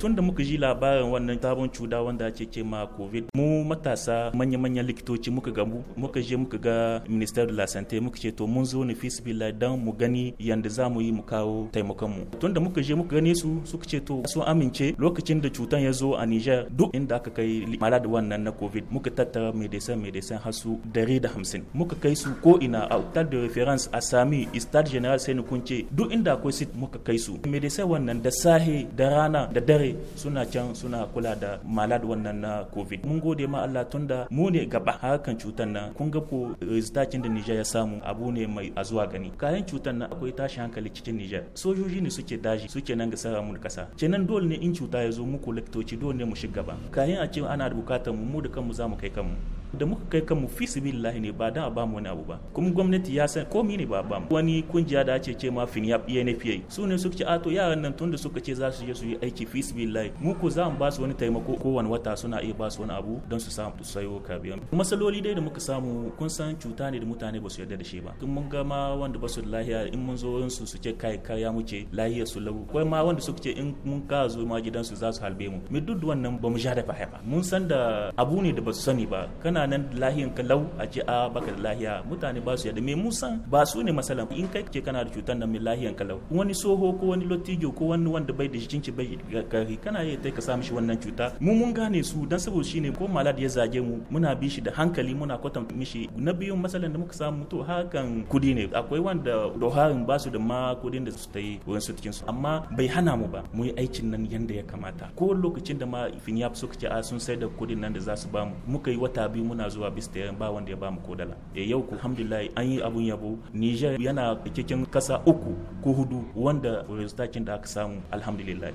tun da muka ji labarin wannan sabon cuda wanda ake ce ma covid mu matasa manya-manyan likitoci muka gamu muka je muka ga minister de la santé muka ce to mun zo ne fisibila dan mu gani yanda za mu yi mu kawo taimakon mu tun da muka je muka gane su suka ce to sun amince lokacin da cutan ya zo a Niger duk inda aka kai da wannan na covid muka tattara medecin medecin hasu dare da hamsin muka kai su ko ina a hotel de reference a sami stade general sai kunce duk inda akwai sit muka kai su medecin wannan da sahe da rana da dare kawai suna can suna kula da malad wannan na covid mun gode ma Allah tunda mu ne gaba hakan cutan nan kun ga ko da Niger ya samu abu ne mai a zuwa gani kayan cutan nan akwai tashi hankali cikin Niger sojoji ne suke daji suke nan ga sarar mu kasa kenan dole ne in cuta ya zo mu kolektoci dole ne mu shiga gaba kayan a ce ana bukatar mu mu da kanmu za mu kai kanmu da muka kai kanmu fi sibillahi ne ba dan a bamu wani abu ba kuma gwamnati ya san komi ne ba bamu wani kungiya da ake ce ma finiya ENFA su ne suka ce a to yaran nan tunda suka ce za su je su yi aiki fi sibillahi mu ko za mu ba su wani taimako wani wata suna iya ba su wani abu don su samu su sayo kabiyan masaloli dai da muka samu kun san cuta ne da mutane ba su yarda da shi ba kun mun ga ma wanda ba su lahiya in mun zo su su ce kai kariya muke lahiyar su lau kai ma wanda suka ce in mun ka zo ma gidansu za su halbe mu mu duk wannan ba mu ja da fahimta mun san da abu ne da ba su sani ba kana kana nan lahiyan ka lau a ce a ah, baka da lahiya mutane ba su yadda me musan ba su ne masalan in kai ce kana da cutar nan mai lahiyan ka lau wani soho ko wani lotijo ko wani wanda bai da jinci bai gari kana yi ta ka sa mishi wannan cuta mu mun gane su dan saboda ne ko malad ya zage mu muna bi shi da hankali muna kwatanta mishi na biyun masalan da muka samu to hakan kudi ne akwai wanda doharin ba su da ma kudin da su ta yi wurin su cikin su amma bai hana mu ba mu yi aikin nan yanda ya kamata ko lokacin da ma fin ya ka ce a ah, sun sai da kudin nan da za su ba mu muka yi wata biyu muna zuwa bis ba wanda ya ba mu kodala e eh, yau ku alhamdulillah an yi abun yabo Niger yana cikin kasa uku ko hudu wanda resultakin da aka samu alhamdulillah